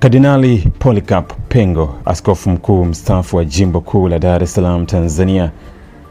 Kardinali Polycarp Pengo, askofu mkuu mstaafu wa jimbo kuu la Dar es Salaam, Tanzania,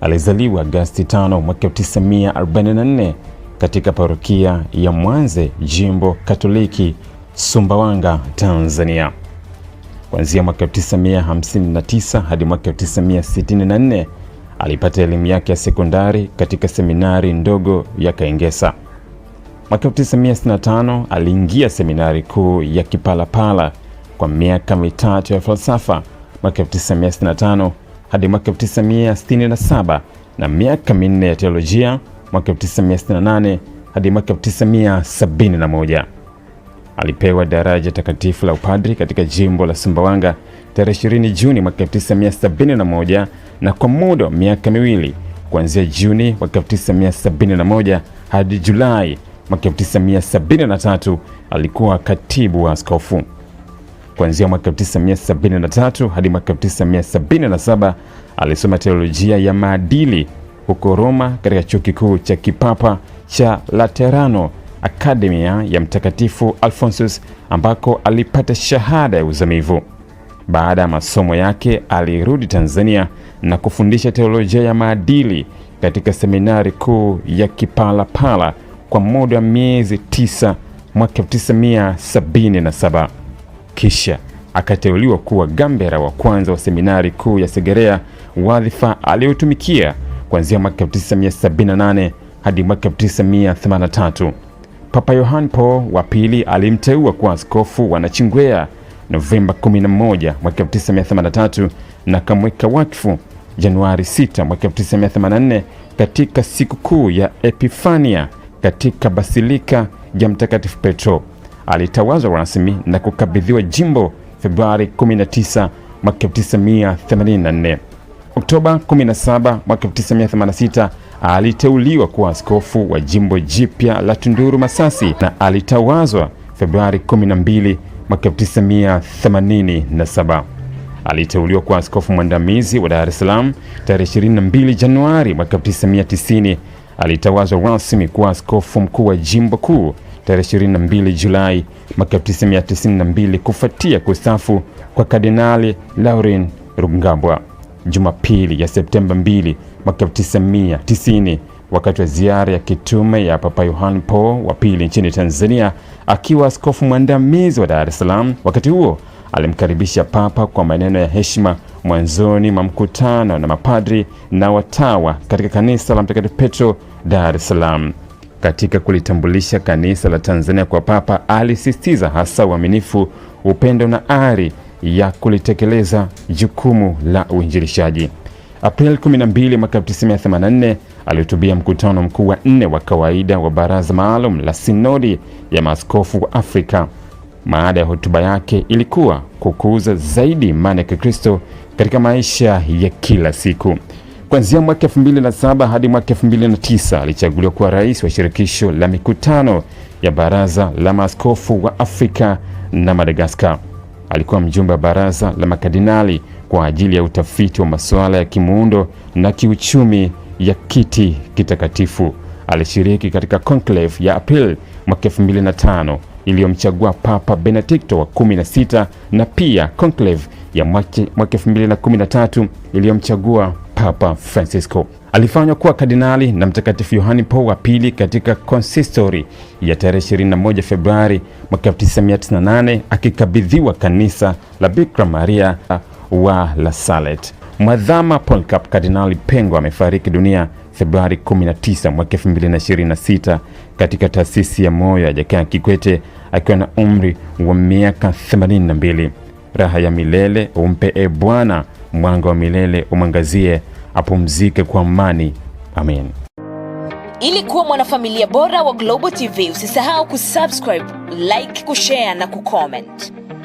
alizaliwa Agosti 5 mwaka 1944 katika parokia ya Mwanze, jimbo Katoliki Sumbawanga, Tanzania. Kuanzia mwaka 1959 hadi mwaka 1964 alipata elimu yake ya sekondari katika seminari ndogo ya Kaengesa. Mwaka 1965 aliingia seminari kuu ya Kipalapala kwa miaka mitatu ya falsafa mwaka 1965 hadi mwaka 1967 na miaka minne ya teolojia mwaka 1968 hadi mwaka 1971. Alipewa daraja takatifu la upadri katika jimbo la Sumbawanga tarehe 20 Juni mwaka 1971 na kwa muda wa miaka miwili kuanzia Juni mwaka 1971 hadi Julai mwaka 1973 alikuwa katibu wa askofu. Kuanzia mwaka 1973 hadi mwaka 1977 alisoma teolojia ya maadili huko Roma katika chuo kikuu cha kipapa cha Laterano Akademia ya Mtakatifu Alphonsus ambako alipata shahada ya uzamivu. Baada ya masomo yake alirudi Tanzania na kufundisha teolojia ya maadili katika seminari kuu ya Kipalapala kwa muda wa miezi tisa mwaka 1977 kisha akateuliwa kuwa gambera wa kwanza wa seminari kuu ya Segerea, wadhifa aliyotumikia kuanzia mwaka 1978 hadi mwaka 1983. Papa Yohane Paul wa pili alimteua kuwa askofu wa Nachingwea Novemba 11 mwaka 1983 na kamweka wakfu Januari 6 mwaka 1984 katika kuu ya Epifania katika basilika ya Mtakatifu Petro. Alitawazwa rasmi na kukabidhiwa jimbo Februari 19 mwaka 1984. Oktoba 17 mwaka 1986 aliteuliwa kuwa askofu wa jimbo jipya la Tunduru Masasi na alitawazwa Februari 12 mwaka 1987. Aliteuliwa kuwa askofu mwandamizi wa Dar es Salaam tarehe 22 Januari mwaka 1990 alitawazwa rasmi kuwa askofu mkuu wa jimbo kuu tarehe 22 Julai mwaka 1992 kufuatia kustafu kwa Kardinali Laurin Rugambwa Jumapili ya Septemba 2 mwaka 1990 wakati wa ziara ya kitume ya Papa Yohane Paul wa pili nchini Tanzania akiwa askofu mwandamizi wa Dar es Salaam. Wakati huo alimkaribisha Papa kwa maneno ya heshima mwanzoni mwa mkutano na mapadri na watawa katika kanisa la Mtakatifu Petro, Dar es Salaam. Katika kulitambulisha kanisa la Tanzania kwa Papa, alisistiza hasa uaminifu, upendo na ari ya kulitekeleza jukumu la uinjilishaji. Aprili 12 mwaka 1984 alihutubia mkutano mkuu wa nne wa kawaida wa baraza maalum la sinodi ya maaskofu wa Afrika Maada ya hotuba yake ilikuwa kukuza zaidi imani ya Kikristo katika maisha ya kila siku. Kuanzia mwaka saba hadi mwaka tisa alichaguliwa kuwa rais wa shirikisho la mikutano ya baraza la maaskofu wa Afrika na Madagaskar. Alikuwa mjumbe wa baraza la makadinali kwa ajili ya utafiti wa masuala ya kimuundo na kiuchumi ya kiti kitakatifu. Alishiriki katika conclave ya Aprili mwaka tano iliyomchagua Papa Benedikto wa 16 na pia conclave ya mwaka 2013 iliyomchagua Papa Francisco. Alifanywa kuwa kardinali na Mtakatifu Yohani Paulo wa pili katika konsistori ya tarehe 21 Februari mwaka 1998 akikabidhiwa kanisa la Bikira Maria wa La Salette. Mwadhama Polycarp Kardinali Pengo amefariki dunia Februari 19 mwaka 2026 katika taasisi ya moyo ya Jakaya Kikwete akiwa na umri wa miaka 82. Raha ya milele umpe e Bwana, mwanga wa milele umwangazie, apumzike kwa amani. Amen. Ili kuwa mwanafamilia bora wa Global TV, usisahau kusubscribe, like, kushare na kucomment.